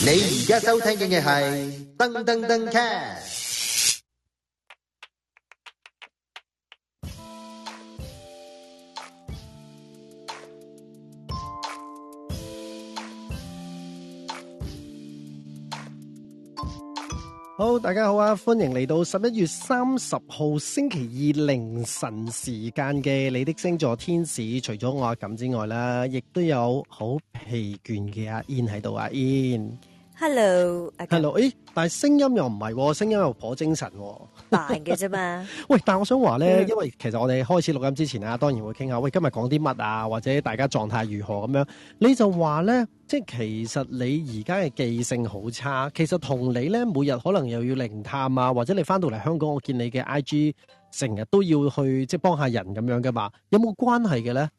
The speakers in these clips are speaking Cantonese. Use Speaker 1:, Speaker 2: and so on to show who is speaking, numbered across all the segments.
Speaker 1: 你而家收聽嘅嘢係噔噔噔 cat。大家好啊！歡迎嚟到十一月三十號星期二凌晨時間嘅你的星座天使。除咗我阿之外啦，亦都有好疲倦嘅阿 In 喺度啊，In。
Speaker 2: Hello，Hello，
Speaker 1: 誒 Hello？但係聲音又唔係，哦，聲音又頗精神，哦。扮
Speaker 2: 嘅啫嘛。
Speaker 1: 喂，但係我想話咧，嗯、因為其實我哋開始錄音之前啊，當然會傾下，喂，今日講啲乜啊，或者大家狀態如何咁樣。你就話咧，即係其實你而家嘅記性好差，其實同你咧每日可能又要靈探啊，或者你翻到嚟香港，我見你嘅 IG 成日都要去即係幫下人咁樣噶嘛，有冇關係嘅咧？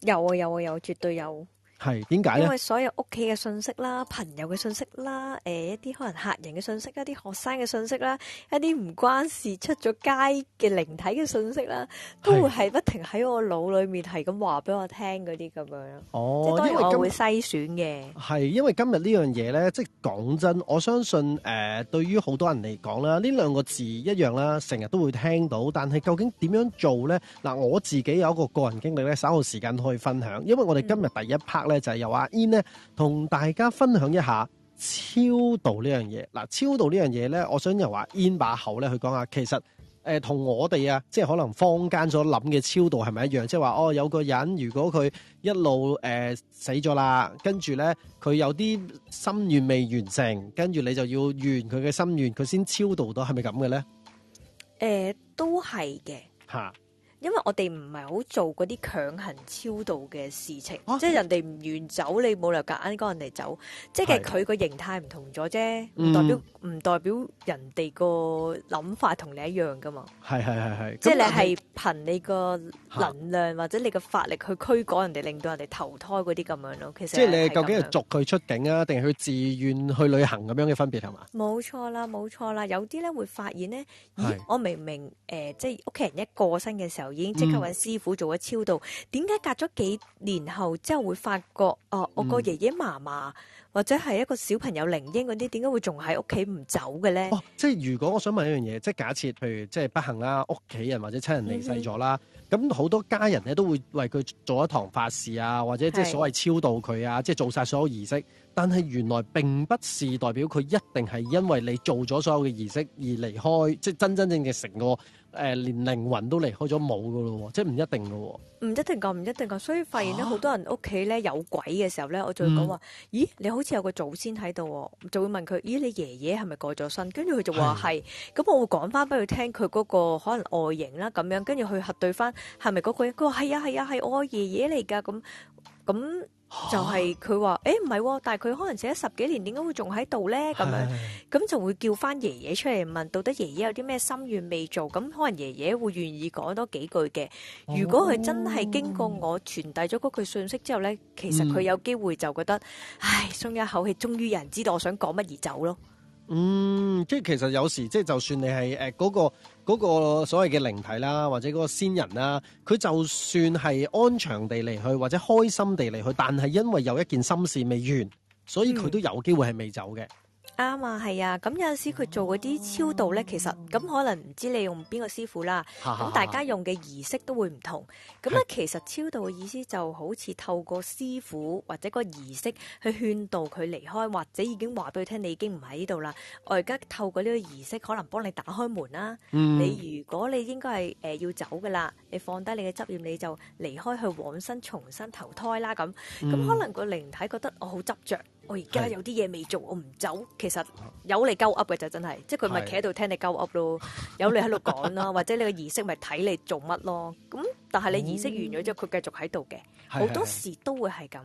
Speaker 2: 有啊，有啊，有，絕對有。
Speaker 1: 係點解咧？因為
Speaker 2: 所有屋企嘅信息啦、朋友嘅信息啦、誒一啲可能客人嘅信息啦、一啲學生嘅信息啦、一啲唔關事出咗街嘅靈體嘅信息啦，都會係不停喺我腦裏面係咁話俾我聽嗰啲咁樣。哦，即
Speaker 1: 係因為我會篩選嘅。係因為今日呢樣嘢咧，即係講真，我相信誒，對於好多人嚟講啦，呢兩個字一樣啦，成日都會聽到，但係究竟點樣做咧？嗱，我自己有一個個人經歷咧，稍後時間可以分享。因為我哋今日第一 part 咧。就係由阿 In 咧同大家分享一下超度呢樣嘢，嗱，超度這事呢樣嘢咧，我想由阿 In 把口咧去講下，其實誒同、呃、我哋啊，即係可能坊間所諗嘅超度係咪一樣，即係話哦，有個人如果佢一路誒、呃、死咗啦，跟住咧佢有啲心願未完成，跟住你就要完佢嘅心願，佢先超度到，係咪咁嘅咧？
Speaker 2: 誒、呃，都係嘅。吓、啊。因為我哋唔係好做嗰啲強行超渡嘅事情，即係人哋唔願走，你冇理由夾硬講人哋走，即係佢個形態唔同咗啫，唔代表唔代表人哋個諗法同你一樣㗎嘛？係
Speaker 1: 係係係。即係你係
Speaker 2: 憑你個能量或者你個法力去驅趕人哋，令到人哋投胎嗰啲咁樣咯。其實即係你究竟係逐
Speaker 1: 佢出境啊，定係去自願去旅行咁樣嘅分別係嘛？
Speaker 2: 冇錯啦，冇錯啦，有啲咧會發現咧，咦，我明明誒，即係屋企人一過身嘅時候。已經即刻揾師傅做咗超度，點解、嗯、隔咗幾年後之後會發覺，嗯、哦，我個爺爺嫲嫲或者係一個小朋友靈嬰嗰啲，點解會仲喺屋企唔走嘅咧？哦，
Speaker 1: 即係如果我想問一樣嘢，即係假設譬如即係不幸啦，屋企人或者親人離世咗啦，咁好、嗯、哼多家人咧都會為佢做一堂法事啊，或者即係所謂超度佢啊，是即係做晒所有儀式。但係原來並不是代表佢一定係因為你做咗所有嘅儀式而離開，即係真真正嘅成個誒連靈魂都離開咗冇噶咯，即係唔一定噶喎。
Speaker 2: 唔一定㗎唔一定㗎，所以發現咧好多人屋企咧有鬼嘅時候咧，我就會講話：咦，你好似有個祖先喺度，就會問佢：咦，你爺爺係咪過咗身？跟住佢就話係。咁我會講翻俾佢聽，佢嗰個可能外形啦咁樣，跟住去核對翻係咪嗰個？佢話係啊係啊係我爺爺嚟㗎咁咁。就係佢話，誒唔係，但係佢可能寫咗十幾年，點解會仲喺度咧？咁樣，咁的就會叫翻爺爺出嚟問，到底爺爺有啲咩心願未做？咁可能爺爺會願意講多幾句嘅。如果佢真係經過我傳遞咗嗰句信息之後咧，哦、其實佢有機會就覺得，嗯、唉，鬆一口氣，終於有人知道我想講乜而走咯。嗯，即係
Speaker 1: 其實有時即係，就算你係誒嗰個。嗰個所謂嘅靈體啦，或者嗰個先人啦，佢就算係安詳地離去，或者開心地離去，但係因為有一件心事未完，所以佢都有機會係未走嘅。
Speaker 2: 啱啊，係啊，咁有陣時佢做嗰啲超度咧，其實咁可能唔知你用邊個師傅啦，咁大家用嘅儀式都會唔同。咁咧，是其實超度嘅意思就好似透過師傅或者個儀式去勸導佢離開，或者已經話俾佢聽你已經唔喺度啦。我而家透過呢個儀式，可能幫你打開門啦。嗯、你如果你應該係誒、呃、要走噶啦，你放低你嘅執念，你就離開去往生，重新投胎啦。咁咁可能個靈體覺得我好執着。我而家有啲嘢未做，我唔走。其實有你鳩 Up 嘅就真係，即係佢咪企喺度聽你鳩 Up 咯，是的 有你喺度講囉， 或者你個儀式咪睇你做乜咯。咁但係你儀式完咗之後，佢、嗯、繼續喺度嘅，好多時都會係咁。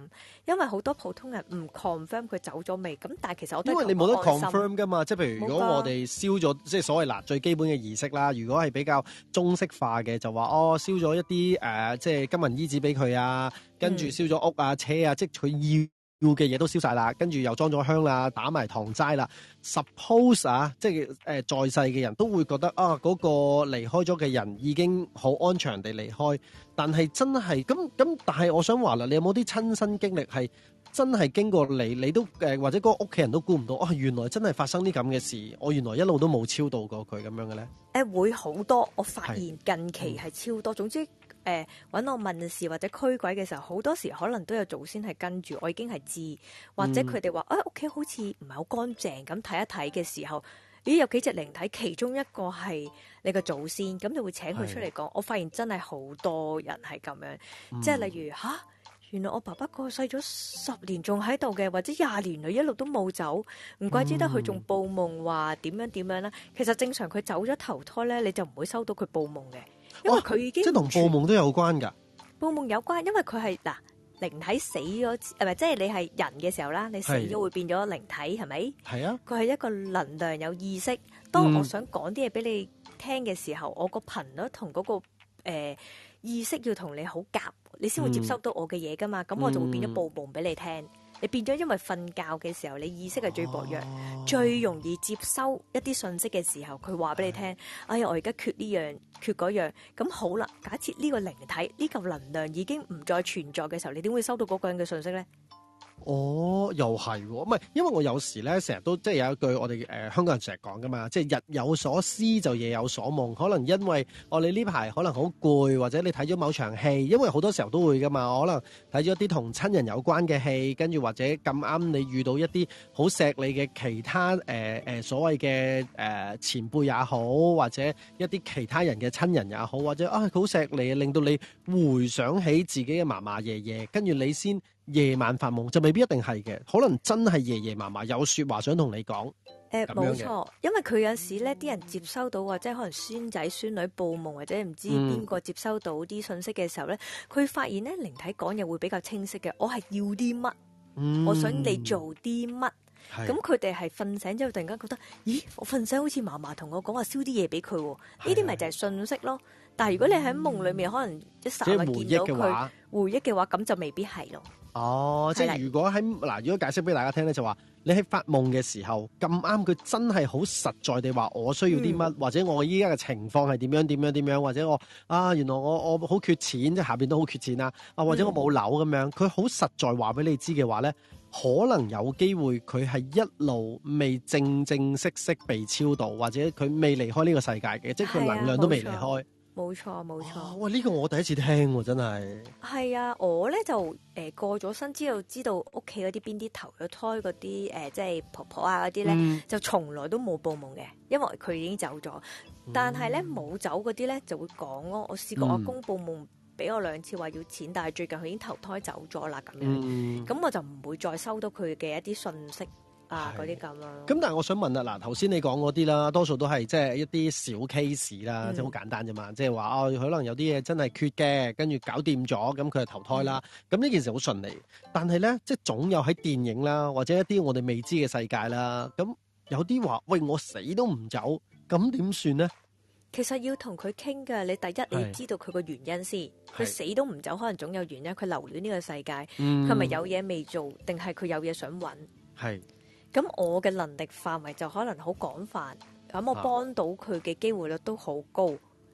Speaker 2: 因為好多普通人唔 confirm 佢走咗未。咁但係其實我都因為你冇得 confirm
Speaker 1: 㗎嘛，即係譬如如果我哋燒咗即係所謂嗱最基本嘅儀式啦，如果係比較中式化嘅，就話哦燒咗一啲、呃、即係金銀衣紙俾佢啊，跟住燒咗屋啊車啊即佢要。要嘅嘢都燒晒啦，跟住又裝咗香啦，打埋糖齋啦。Suppose 啊，即係誒，在世嘅人都會覺得啊，嗰、嗰個離開咗嘅人已經好安詳地離開。但係真係咁咁，但係我想話啦，你有冇啲親身經歷係真係經過嚟？你都誒、呃、或者嗰個屋企人都估唔到啊，原來真係發生啲咁嘅事。我原來一路都冇超度過佢咁樣嘅咧。
Speaker 2: 誒，會好多，我發現近期係超多。嗯、總之。誒，揾我問事或者驅鬼嘅時候，好多時可能都有祖先係跟住我，已經係知，或者佢哋話誒屋企好似唔係好乾淨咁，睇一睇嘅時候，咦，有幾隻靈體，其中一個係你個祖先，咁你會請佢出嚟講。是我發現真係好多人係咁樣，嗯、即係例如嚇、啊，原來我爸爸過世咗十年仲喺度嘅，或者廿年佢一路都冇走，唔怪之得佢仲報夢話點樣點樣啦。其實正常佢走咗投胎咧，你就唔會收到佢報夢嘅。因為佢已經、哦、即係同報
Speaker 1: 夢都有關㗎，
Speaker 2: 報夢有關，因為佢係嗱靈體死咗，誒即係你係人嘅時候啦，你死咗會變咗靈體係咪？係啊的，佢係吧一個能量有意識，當我想講啲嘢俾你聽嘅時候，嗯、我個頻率、嗰個頻率同嗰個意識要同你好夾，你先會接收到我嘅嘢㗎嘛，咁、嗯、我就會變咗報夢俾你聽。你變咗，因為瞓覺嘅時候，你意識係最薄弱，哦、最容易接收一啲信息嘅時候，佢話俾你聽：的哎呀，我而家缺呢樣，缺嗰樣。咁好啦，假設呢個靈體，呢嚿能量已經唔再存在嘅時候，你點會收到嗰個人嘅信息呢？
Speaker 1: 哦，又係唔係？因為我有時咧，成日都即係有一句我哋誒、呃、香港人成日講噶嘛，即係日有所思就夜有所夢。可能因為我哋呢排可能好攰，或者你睇咗某場戲，因為好多時候都會噶嘛。我可能睇咗啲同親人有關嘅戲，跟住或者咁啱你遇到一啲好錫你嘅其他誒、呃呃、所謂嘅誒、呃、前輩也好，或者一啲其他人嘅親人也好，或者啊好錫你，令到你回想起自己嘅嫲嫲、爺爺，跟住你先。夜晚發夢就未必一定係嘅，可能真係爺爺嫲嫲有說話想同你講。
Speaker 2: 誒、呃，冇錯，因為佢有時咧，啲人接收到，或者可能孫仔孫女報夢，或者唔知邊個接收到啲信息嘅時候咧，佢、嗯、發現咧靈體講嘢會比較清晰嘅。我係要啲乜，嗯、我想你做啲乜。咁佢哋係瞓醒之後，突然間覺得，咦，我瞓醒好似嫲嫲同我講話燒啲嘢俾佢。呢啲咪就係信息咯。的但係如果你喺夢裏面，嗯、可能一霎眼見到佢，回憶嘅話，咁就未必係咯。
Speaker 1: 哦，即係如果喺，嗱，的如果解釋俾大家聽咧，就話你喺發夢嘅時候咁啱，佢真係好實在地話我需要啲乜，嗯、或者我依家嘅情況係點樣點樣點樣，或者我啊原來我我好缺錢，即係下邊都好缺錢啦、啊，啊或者我冇樓咁樣，佢好實在話俾你知嘅話咧，可能有機會佢係一路未正正式式被超渡，或者佢未離開呢個世界嘅，的即係佢能量都未離開。
Speaker 2: 冇錯冇錯，哇呢、
Speaker 1: 哦，呢個我第一次聽，真係
Speaker 2: 係啊，我咧就誒、呃、過咗身之後知道屋企嗰啲邊啲投咗胎嗰啲誒，即係婆婆啊嗰啲咧，呢嗯、就從來都冇報夢嘅，因為佢已經走咗。嗯、
Speaker 1: 但係咧冇
Speaker 2: 走嗰啲咧，就會講咯。我試過我阿公報夢俾我兩次話要錢，但係最近佢已經投胎走咗啦，咁樣，咁、嗯、我就唔會再收到佢嘅一啲信息。啊！啲咁的啊，咁、
Speaker 1: 嗯、但係我想問啊，嗱頭先你講嗰啲啦，多數都係即係一啲小 case 啦，即係好簡單啫嘛，即係話哦，可能有啲嘢真係缺嘅，跟住搞掂咗，咁佢就投胎啦。咁呢、嗯、件事好順利，但係咧，即係總有喺電影啦，或者一啲我哋未知嘅世界啦，咁有啲話喂，我死都唔走，咁點算呢？
Speaker 2: 其實要同佢傾嘅，你第一是你要知道佢個原因先，佢是死都唔走，可能總有原因，佢留戀呢個世界，佢咪、嗯、有嘢未做，定係佢有嘢想搵？係。咁我嘅能力範圍就可能好廣泛，咁我幫到佢嘅機會率都好高，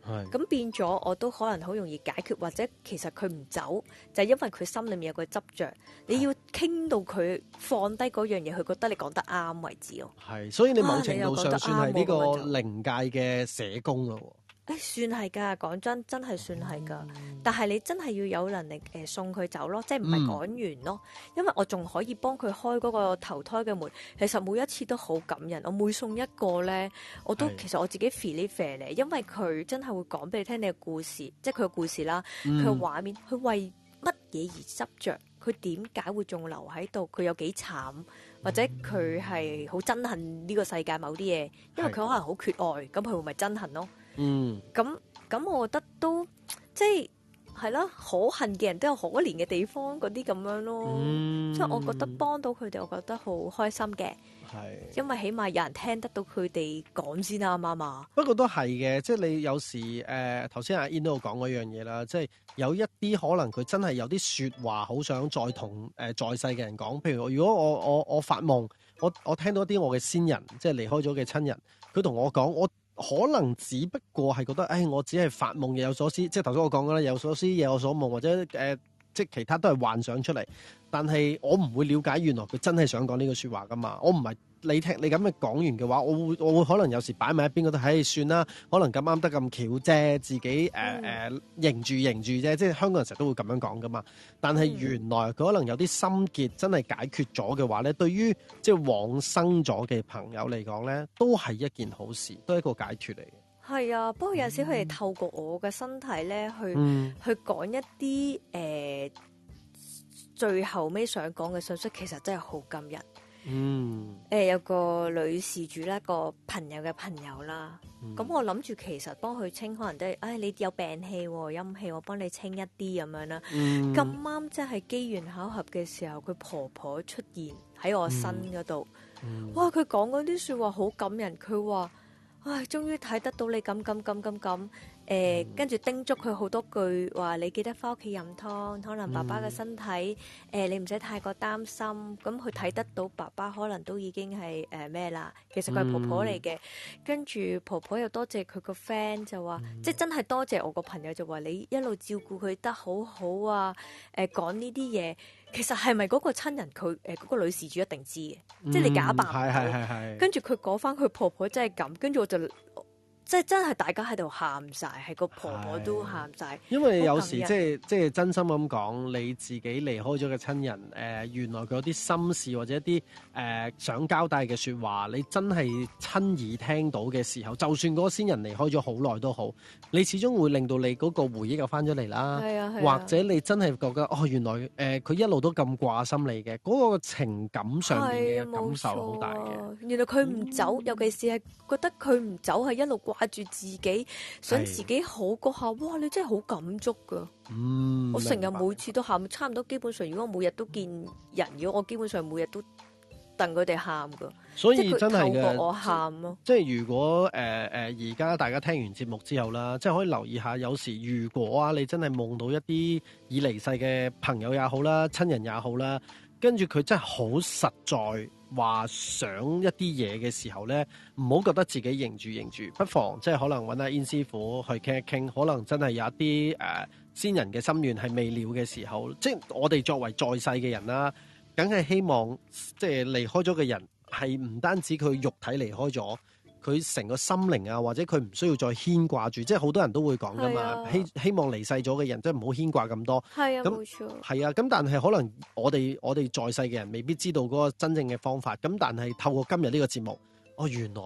Speaker 2: 咁、啊、變咗我都可能好容易解決，或者其實佢唔走就係、是、因為佢心裏面有個執着。啊、你要傾到佢放低嗰樣嘢，佢覺得你講得啱為止咯。
Speaker 1: 係，所以你某程度上算係呢個靈界嘅社工咯。
Speaker 2: 誒、哎、算係㗎，講真的真係算係㗎。嗯、但係你真係要有能力誒、呃、送佢走咯，即係唔係趕完咯？嗯、因為我仲可以幫佢開嗰個投胎嘅門。其實每一次都好感人。我每送一個咧，我都的其實我自己 feel very 因為佢真係會講俾你聽你嘅故事，即係佢嘅故事啦，佢嘅、嗯、畫面，佢為乜嘢而執着，佢點解會仲留喺度？佢有幾慘，或者佢係好憎恨呢個世界某啲嘢，因為佢可能好缺愛，咁佢的會咪憎恨咯？嗯，咁咁，我覺得都即係係啦，可恨嘅人都有可憐嘅地方嗰啲咁樣咯，即係、嗯、我覺得幫到佢哋，我覺得好開心嘅。
Speaker 1: 係，
Speaker 2: 因為起碼有人聽得到佢哋講先啦，媽媽。
Speaker 1: 不過都係嘅，即係你有時誒頭先阿 In 都講過一樣嘢啦，即係有一啲可能佢真係有啲說話好想再同誒、呃、在世嘅人講，譬如如果我我我發夢，我我聽到一啲我嘅先人即係離開咗嘅親人，佢同我講我。可能只不過係覺得，誒，我只係發夢，有所思，即係頭先我講嘅啦，有所思，夜有所夢，或者誒、呃，即係其他都係幻想出嚟。但係我唔會了解，原來佢真係想講呢個説話噶嘛，我唔係。你聽你咁樣講完嘅話，我會我會可能有時擺埋一邊，度喺唉，算啦，可能咁啱得咁巧啫，自己誒誒凝住凝住啫。即係香港人成日都會咁樣講噶嘛。但係原來可能有啲心結真係解決咗嘅話咧，對於即係往生咗嘅朋友嚟講咧，都係一件好事，都係一個解脱嚟
Speaker 2: 嘅。係啊，不過有時佢哋透過我嘅身體咧、嗯，去去講一啲誒、呃、最後尾想講嘅信息，其實真係好感人。嗯，誒，有個女事主啦，一個朋友嘅朋友啦，咁、嗯、我諗住其實幫佢清，可能都係，唉、哎，你有病氣、哦、陰氣，我幫你清一啲咁樣啦。咁啱即係機緣巧合嘅時候，佢婆婆出現喺我身嗰度，嗯、哇！佢講嗰啲說話好感人，佢話，唉、哎，終於睇得到你咁咁咁咁咁。誒、呃、跟住叮囑佢好多句話，話你記得翻屋企飲湯。可能爸爸嘅身體誒、嗯呃，你唔使太過擔心。咁佢睇得到爸爸，可能都已經係誒咩啦。其實佢係婆婆嚟嘅，嗯、跟住婆婆又多謝佢個 friend 就話，嗯、即係真係多謝我個朋友就話你一路照顧佢得好好啊。誒，講呢啲嘢，其實係咪嗰個親人佢誒嗰個女事主一定知嘅？嗯、即係你假扮。係係係係。跟住佢講翻佢婆婆真係咁，跟住我就。即係真係大家喺度喊晒，係個婆婆都喊晒，係因為有時即係
Speaker 1: 即係真心咁講，你自己離開咗嘅親人，誒、呃、原來佢有啲心事或者一啲誒、呃、想交代嘅說話，你真係親耳聽到嘅時候，就算嗰個先人離開咗好耐都好，你始終會令到你嗰個回憶又翻咗嚟啦。係啊，或者你真係覺得哦，原來誒佢、呃、一路都咁掛心你嘅嗰個情感上面嘅感受好大嘅、啊。
Speaker 2: 原來佢唔走，嗯、尤其是係覺得佢唔走係一路掛掛住自己，想自己好嗰下，的哇！你真係好感觸㗎、啊。嗯，
Speaker 1: 我成日白每
Speaker 2: 次都喊，差唔多基本上，如果我每日都見人、嗯、如果我基本上每日都等佢哋喊㗎。所以過我、啊、真係嘅。即
Speaker 1: 係如果誒誒，而、呃、家、呃、大家聽完節目之後啦，即係可以留意下，有時如果啊，你真係夢到一啲已離世嘅朋友也好啦，親人也好啦，跟住佢真係好實在，話想一啲嘢嘅時候咧，唔好覺得自己認住認住，不妨即係可能揾阿 In 師傅去傾一傾，可能真係有一啲、呃、先人嘅心願係未了嘅時候，即係我哋作為在世嘅人啦，梗係希望即係離開咗嘅人係唔單止佢肉體離開咗。佢成個心靈啊，或者佢唔需要再牽掛住，即係好多人都會講㗎嘛。啊、希希望離世咗嘅人，即係唔好牽掛咁多。
Speaker 2: 係啊，冇錯那。係
Speaker 1: 錯啊，咁但係可能我哋我哋在世嘅人未必知道嗰個真正嘅方法。咁但係透過今日呢個節目，哦，原來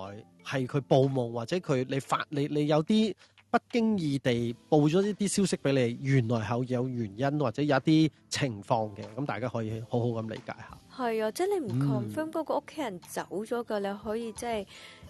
Speaker 1: 係佢報夢，或者佢你發你你有啲不經意地報咗一啲消息俾你，原來係有原因或者有一啲情況嘅。咁大家可以好好咁理解下。
Speaker 2: 係啊，即係你唔 confirm 嗰屋企人走咗嘅，嗯、你可以即係。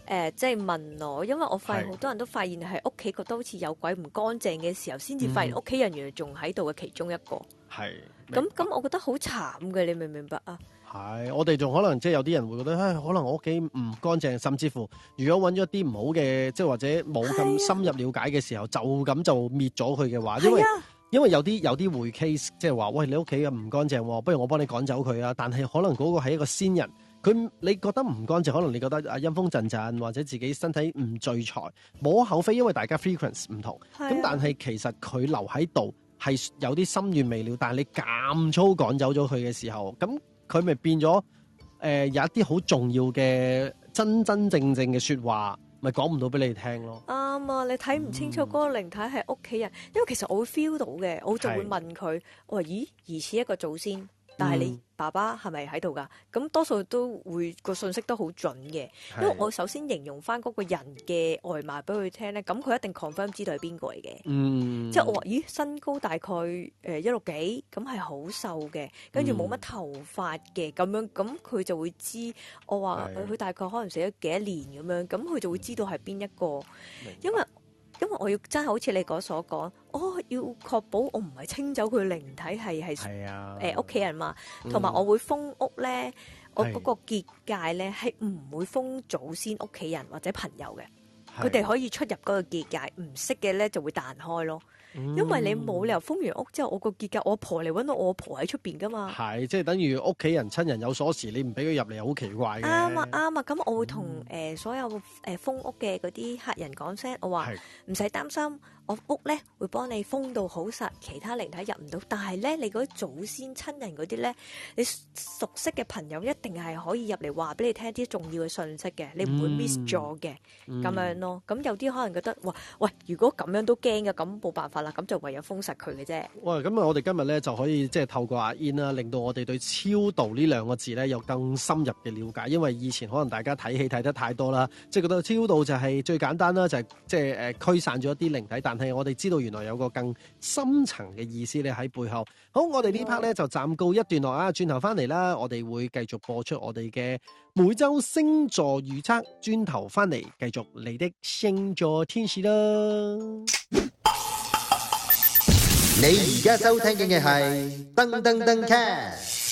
Speaker 2: 誒、呃，即係問我，因為我發現好多人都發現係屋企覺得好似有鬼唔乾淨嘅時候，先至的發現屋企人原來仲喺度嘅其中一個。係。咁咁，我覺得好慘嘅，你明唔明白啊？
Speaker 1: 係，我哋仲可能即係有啲人會覺得，唉，可能我屋企唔乾淨，甚至乎如果揾咗啲唔好嘅，即係或者冇咁深入了解嘅時候，的就咁就滅咗佢嘅話，因為的因為有啲有啲回 case，即係話喂，你屋企嘅唔乾淨，不如我幫你趕走佢啊！但係可能嗰個係一個先人。佢，你覺得唔乾淨，可能你覺得啊陰風陣陣，或者自己身體唔聚財，無可厚非，因為大家 frequency 唔同。咁、啊、但係其實佢留喺度係有啲心願未了，但係你咁粗趕走咗佢嘅時候，咁佢咪變咗？誒、呃、有一啲好重要嘅真真正正嘅說話，咪講唔到俾你聽咯。
Speaker 2: 啱啊！你睇唔清楚嗰個靈體係屋企人，嗯、因為其實我會 feel 到嘅，我就會問佢，是我話咦，疑似一個祖先。但係你爸爸係咪喺度㗎？咁多數都會，個信息都好準嘅，因為我首先形容翻嗰個人嘅外貌俾佢聽咧，咁佢一定 confirm 知道係邊個嚟嘅。嗯，即係我話，咦，身高大概誒一六幾咁，係好瘦嘅，跟住冇乜頭髮嘅咁樣，咁佢就會知，我話佢大概可能死咗幾多年咁樣，咁佢就會知道係邊一個，白因為。因為我要真係好似你所講，哦，我要確保我唔係清走佢靈體係係誒屋企人嘛，同埋我會封屋咧，嗯、我嗰個結界咧係唔會封祖先屋企人或者朋友嘅，佢哋是可以出入嗰個結界，唔識嘅咧就會彈開咯。嗯、因為你冇理由封完屋之後，我個結構我婆嚟揾到我婆喺出邊噶嘛？
Speaker 1: 係即係等於屋企人親人有鎖匙，你唔俾佢入嚟，好奇怪。啱啊，
Speaker 2: 啱啊！咁、啊、我會同誒、嗯、所有誒封屋嘅嗰啲客人講聲，我話唔使擔心。我屋咧會幫你封到好實，其他靈體入唔到。但係咧，你嗰啲祖先親人嗰啲咧，你熟悉嘅朋友一定係可以入嚟話俾你聽啲重要嘅信息嘅，你唔會 miss 咗嘅咁樣咯。咁有啲可能覺得，哇喂，如果咁樣都驚嘅，咁冇辦法啦，咁就唯有封實佢嘅啫。
Speaker 1: 哇！咁啊，我哋今日咧就可以即係透過阿 In 啦，令到我哋對超度呢兩個字咧有更深入嘅了解。因為以前可能大家睇戲睇得太多啦，即係覺得超度就係、是、最簡單啦、就是，就係即係誒驅散咗一啲靈體，但係我哋知道，原來有個更深層嘅意思咧喺背後。好，我哋呢 part 咧就暫告一段落啊！轉頭翻嚟啦，我哋會繼續播出我哋嘅每周星座預測。轉頭翻嚟，繼續你的星座天使啦！你而家收聽緊嘅係噔噔噔 cast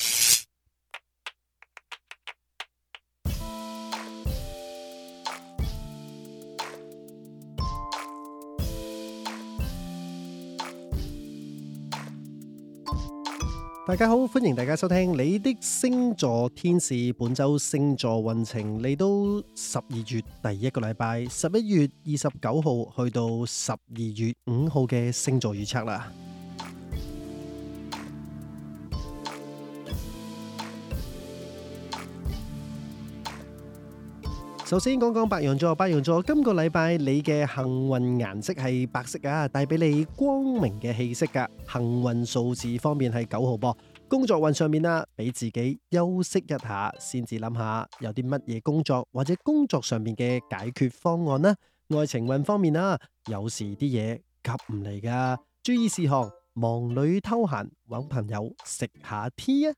Speaker 1: 大家好，歡迎大家收聽你的星座天使。本周星座運程，嚟到十二月第一個禮拜，十一月二十九號去到十二月五號嘅星座預測啦。首先講講白羊座，白羊座今個禮拜你嘅幸運顏色係白色啊，帶俾你光明嘅氣色噶。幸運數字方面係九號噃，工作運上面啦，俾自己休息一下，先至諗下有啲乜嘢工作或者工作上面嘅解決方案啦。愛情運方面啦，有時啲嘢急唔嚟噶。注意事項，忙裏偷閒，搵朋友食下 tea 啊！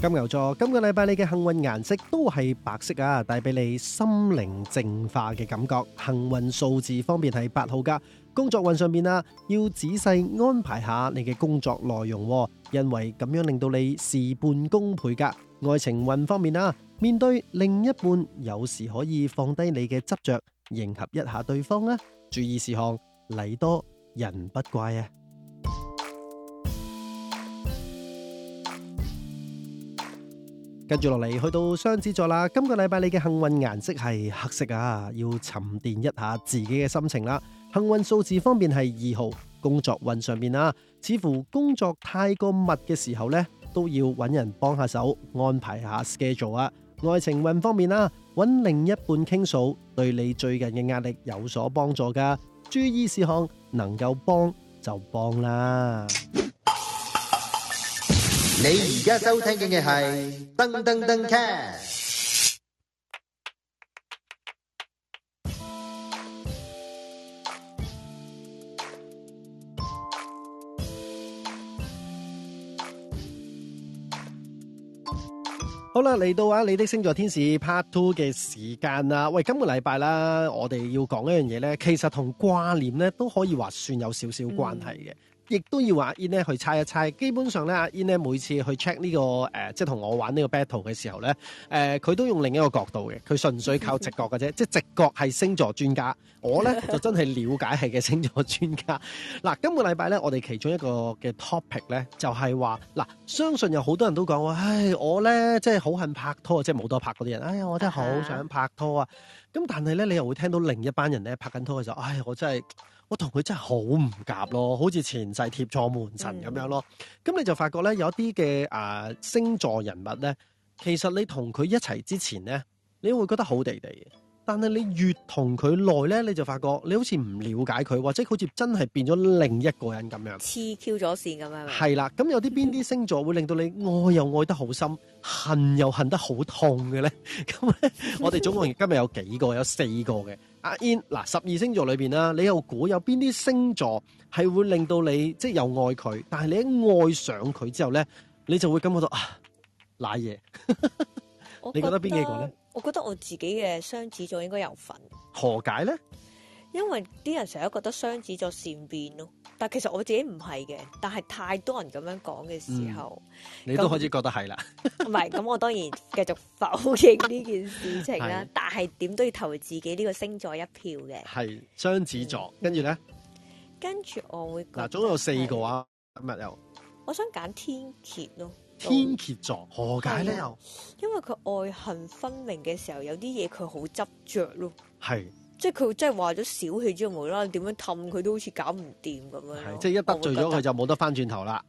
Speaker 1: 金牛座，今個禮拜你嘅幸運顏色都係白色啊，帶俾你心靈淨化嘅感覺。幸運數字方面係八號噶，工作運上面啊，要仔細安排下你嘅工作內容，因為咁樣令到你事半功倍噶。愛情運方面啊，面對另一半，有時可以放低你嘅執着，迎合一下對方啊。注意事項，禮多人不怪啊。跟住落嚟，去到雙子座啦。今個禮拜你嘅幸運顏色係黑色啊，要沉澱一下自己嘅心情啦。幸運數字方面係二號，工作運上面啊，似乎工作太過密嘅時候呢，都要揾人幫下手，安排下 schedule 啊。愛情運方面啦，揾另一半傾訴，對你最近嘅壓力有所幫助噶。注意事項，能夠幫就幫啦。你而家收聽嘅嘢係噔噔噔 cast。好啦，嚟到啊你的星座天使 part two 嘅時間啦。喂，今個禮拜啦，我哋要講一樣嘢咧，其實同掛念咧都可以話算有少少關係嘅。嗯亦都要阿 In 咧去猜一猜，基本上咧阿 In 咧每次去 check 呢、這個誒、呃，即係同我玩呢個 battle 嘅時候咧，誒、呃、佢都用另一個角度嘅，佢純粹靠直覺嘅啫， 即係直覺係星座專家，我咧就真係了解係嘅星座專家。嗱， 今個禮拜咧，我哋其中一個嘅 topic 咧就係、是、話，嗱，相信有好多人都講話唉，我咧即係好恨拍拖，即係冇得拍嗰啲人，哎呀，我真係好想拍拖啊！咁但係咧，你又會聽到另一班人咧拍緊拖嘅時候，唉，我真係～我同佢真係好唔夾咯，好似前世貼錯門神咁樣咯。咁、嗯、你就發覺咧，有啲嘅啊星座人物咧，其實你同佢一齊之前咧，你會覺得好地地，但係你越同佢耐咧，你就發覺你好似唔了解佢，或者好似真係變咗另一個人咁樣。黐
Speaker 2: Q 咗線咁樣。
Speaker 1: 係啦，咁有啲邊啲星座會令到你愛又愛得好深，恨又恨得好痛嘅咧？咁 咧、嗯，我哋總共今日有幾個？有四個嘅。阿 In，嗱、啊、十二星座裏邊啦，你又估有邊啲星座係會令到你即係又愛佢，但係你一愛上佢之後咧，你就會感覺到啊，瀨嘢，
Speaker 2: 覺你覺得邊幾個咧？我覺得我自己嘅雙子座應該有份。
Speaker 1: 何解咧？
Speaker 2: 因為啲人成日覺得雙子座善變咯。但其實我自己唔係嘅，但係太多人咁樣講嘅時候，嗯、你都開始覺得係啦。唔 係，咁我當然繼續否認呢件事情啦。 是但係點都要投自己呢個星座一票嘅。
Speaker 1: 係雙子座，嗯、跟住咧，
Speaker 2: 跟住我會嗱總有四個
Speaker 1: 話物又，
Speaker 2: 是麼我想揀天蠍咯。天
Speaker 1: 蠍座何解咧？又
Speaker 2: 因為佢愛恨分明嘅時候，有啲嘢佢好執着咯。係。即係佢，即係話咗小氣之模啦。點樣氹佢都好似搞唔掂咁樣。係，即係一得罪咗佢
Speaker 1: 就冇得翻轉頭啦。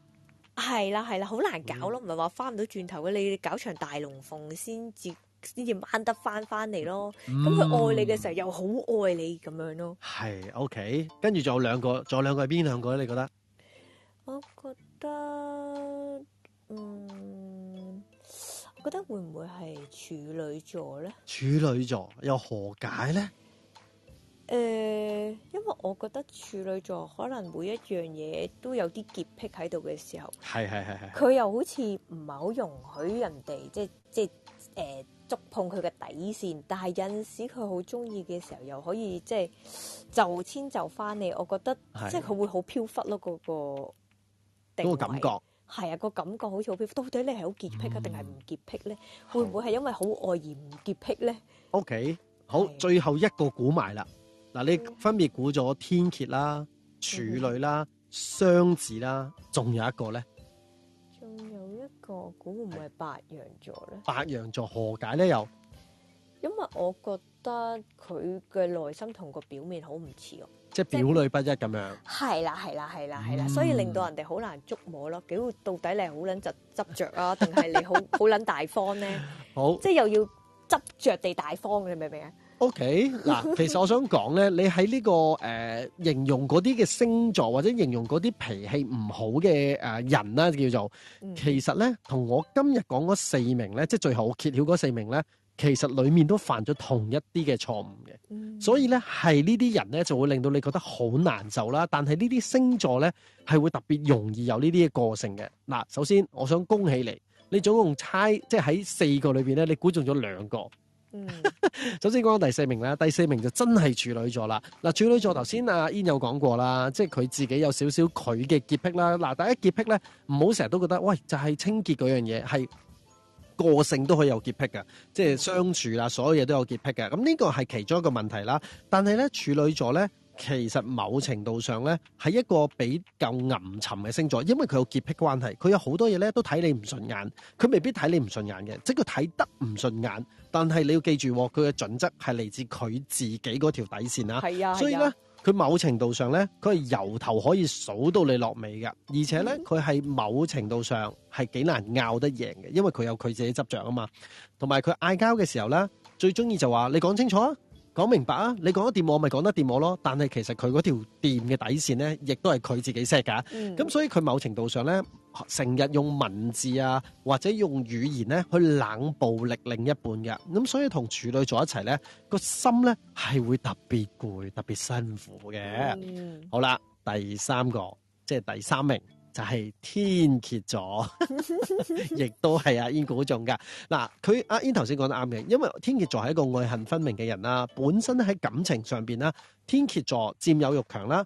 Speaker 2: 係啦係啦，好難搞咯。唔係話翻唔到轉頭嘅，你搞場大龍鳳先至先至掹得翻翻嚟咯。咁佢、嗯、愛你嘅時候又好愛你咁樣咯。
Speaker 1: 係 OK，跟住仲有兩個，仲有兩個係邊兩個咧？你覺得？
Speaker 2: 我覺得，嗯，我覺得會唔會係處女座咧？
Speaker 1: 處女座又何解咧？
Speaker 2: 誒、呃，因為我覺得處女座可能每一樣嘢都有啲潔癖喺度嘅時候，
Speaker 1: 係係係係。佢
Speaker 2: 又好似唔係好容許人哋即係即係誒、呃、觸碰佢嘅底線，但係有陣時佢好中意嘅時候，又可以即係就遷就翻你。我覺得係嘅即係佢會好飄忽咯、啊，嗰、嗰個、個感覺係啊，個感覺好似好飄忽。到底你係好潔癖啊，定係唔潔癖咧？會唔會係因為好愛而唔潔癖咧
Speaker 1: ？OK，好，呃、最後一個估埋啦。嗱、啊，你分別估咗天蠍啦、處女啦、雙子啦，仲有一個咧？
Speaker 2: 仲有一個估唔係白羊座咧？白
Speaker 1: 羊座何解咧？又
Speaker 2: 因為我覺得佢嘅內心同個表面好唔似哦，
Speaker 1: 即係表裏不一咁樣。
Speaker 2: 係啦，係啦，係啦，係啦，係嗯、所以令到人哋好難捉摸咯。究竟到底你係好撚執執著啊，定係你好好撚大方咧？好，即係又要執着地大方，你明唔明啊？
Speaker 1: O.K. 嗱，其實我想講咧，你喺呢、呢個誒、呃、形容嗰啲嘅星座或者形容嗰啲脾氣唔好嘅人啦叫做，其實咧同我今日講嗰四名咧，即係最後我揭曉嗰四名咧，其實裏面都犯咗同一啲嘅錯誤嘅。嗯、所以咧係呢啲人咧就會令到你覺得好難受啦。但係呢啲星座咧係會特別容易有呢啲嘅個性嘅。嗱，首先我想恭喜你，你總共猜即係喺四個裏面咧，你估中咗兩個。 首先講第四名啦，第四名就真係處女座啦。嗱，處女座頭先阿 In 有講過啦，即係佢自己有少少佢嘅潔癖啦。嗱，第一潔癖咧，唔好成日都覺得，喂，就係清潔嗰樣嘢係個性都可以有潔癖嘅，即係相處啦，所有嘢都有潔癖嘅。咁呢個係其中一個問題啦。但係咧，處女座咧，其實某程度上咧，係一個比較陰沉嘅星座，因為佢有潔癖關係，佢有好多嘢咧都睇你唔順眼，佢未必睇你唔順眼嘅，即佢睇得唔順眼。但係你要記住，佢嘅準則係嚟自佢自己嗰條底線啦。係啊，啊所以咧，佢某程度上咧，佢係由頭可以數到你落尾嘅，而且咧，佢係某程度上係幾難拗得贏嘅，因為佢有佢自己的執着啊嘛。同埋佢嗌交嘅時候咧，最中意就話你講清楚啊。講明白啊！你講得掂我咪講得掂我咯，但係其實佢嗰條掂嘅底線咧，亦都係佢自己 set 噶。咁、嗯、所以佢某程度上咧，成日用文字啊或者用語言咧去冷暴力另一半嘅。咁所以同處女座一齊咧，個心咧係會特別攰、特別辛苦嘅。嗯、好啦，第三個即係第三名。就係天蠍座，亦都係阿 In 估中噶。嗱，佢阿 In 頭先講得啱嘅，因為天蠍座係一個愛恨分明嘅人啦。本身喺感情上面，啦，天蠍座佔有慾強啦，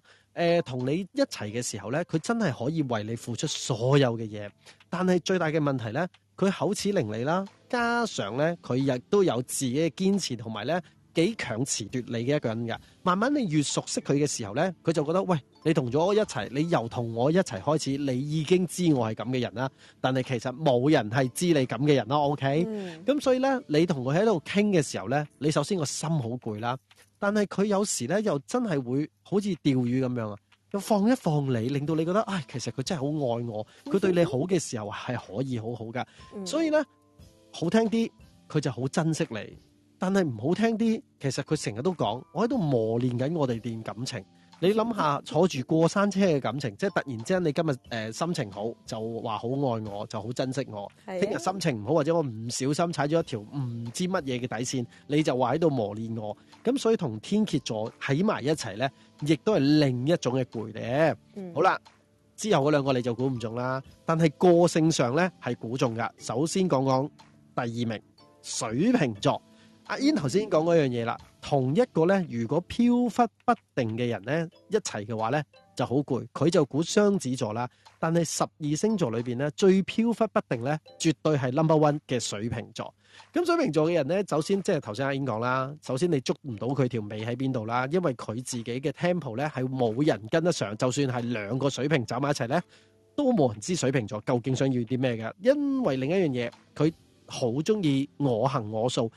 Speaker 1: 同、呃、你一齊嘅時候咧，佢真係可以為你付出所有嘅嘢。但係最大嘅問題咧，佢口齒伶俐啦，加上咧佢亦都有自己嘅堅持同埋咧，幾強詞奪理嘅一個人噶，慢慢你越熟悉佢嘅時候呢，佢就覺得喂，你同咗我一齊，你由同我一齊開始，你已經知我係咁嘅人啦。但係其實冇人係知你咁嘅人啦。OK，咁所以呢，你同佢喺度傾嘅時候呢，你首先個心好攰啦。但係佢有時呢，又真係會好似釣魚咁樣啊，又放一放你，令到你覺得唉、哎，其實佢真係好愛我，佢對你好嘅時候係可以好好噶。嗯、所以呢，好聽啲，佢就好珍惜你。但係唔好聽啲，其實佢成日都講，我喺度磨練緊我哋段感情。你諗下，坐住過山車嘅感情，即係突然之間，你今日誒、呃、心情好就話好愛我，就好珍惜我。聽日的心情唔好或者我唔小心踩咗一條唔知乜嘢嘅底線，你就話喺度磨練我。咁所以同天蠍座喺埋一齊呢，亦都係另一種嘅攰嘅。嗯、好啦，之後嗰兩個你就估唔中啦，但係個性上呢，係估中噶。首先講講第二名水瓶座。阿 In 頭先講嗰樣嘢啦，同一個咧，如果飄忽不定嘅人咧一齊嘅話咧就好攰。佢就估雙子座啦，但係十二星座裏邊咧最飄忽不定咧，絕對係 Number One 嘅水瓶座。咁水瓶座嘅人咧，首先即係頭先阿 In 講啦，首先你捉唔到佢條尾喺邊度啦，因為佢自己嘅 temple 咧係冇人跟得上，就算係兩個水瓶走埋一齊咧，都冇人知水瓶座究竟想要啲咩㗎，因為另一樣嘢佢好中意我行我素。